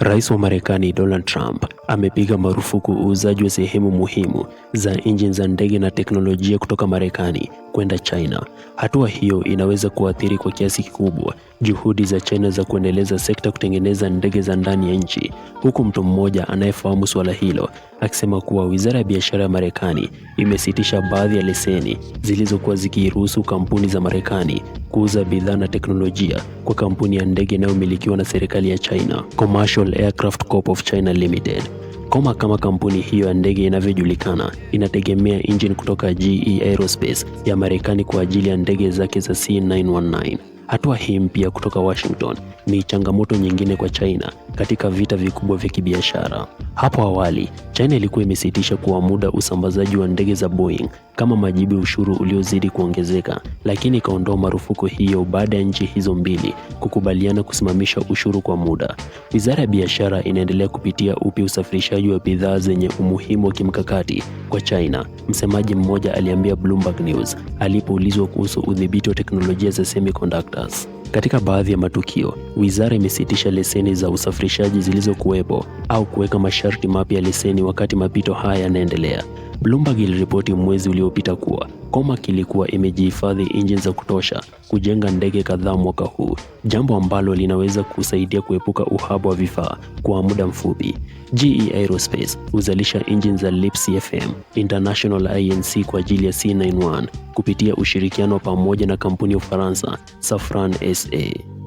Rais wa Marekani Donald Trump amepiga marufuku uuzaji wa sehemu muhimu za injini za ndege na teknolojia kutoka Marekani kwenda China. Hatua hiyo inaweza kuathiri kwa kiasi kikubwa juhudi za China za kuendeleza sekta kutengeneza ndege za ndani ya nchi, huku mtu mmoja anayefahamu suala hilo akisema kuwa Wizara ya Biashara ya Marekani imesitisha baadhi ya leseni zilizokuwa zikiruhusu kampuni za Marekani kuuza bidhaa na teknolojia kwa kampuni ya ndege inayomilikiwa na serikali ya China, Commercial Aircraft Corp of China Limited. Koma kama kampuni hiyo ya ndege inavyojulikana inategemea engine kutoka GE Aerospace ya Marekani kwa ajili ya ndege zake za C919. Hatua hii mpya kutoka Washington ni changamoto nyingine kwa China katika vita vikubwa vya kibiashara. Hapo awali, China ilikuwa imesitisha kwa muda usambazaji wa ndege za Boeing kama majibu ya ushuru uliozidi kuongezeka, lakini ikaondoa marufuku hiyo baada ya nchi hizo mbili kukubaliana kusimamisha ushuru kwa muda. Wizara ya Biashara inaendelea kupitia upya usafirishaji wa bidhaa zenye umuhimu wa kimkakati kwa China, msemaji mmoja aliambia Bloomberg News alipoulizwa kuhusu udhibiti wa teknolojia za semiconductors. Katika baadhi ya matukio, wizara imesitisha leseni za usafirishaji zilizokuwepo au kuweka masharti mapya ya leseni wakati mapito haya yanaendelea. Bloomberg iliripoti mwezi uliopita kuwa Comac ilikuwa imejihifadhi injini za kutosha kujenga ndege kadhaa mwaka huu, jambo ambalo linaweza kusaidia kuepuka uhaba wa vifaa kwa muda mfupi. GE Aerospace huzalisha injini za LEAP CFM International Inc kwa ajili ya C91 kupitia ushirikiano pamoja na kampuni ya Ufaransa Safran SA.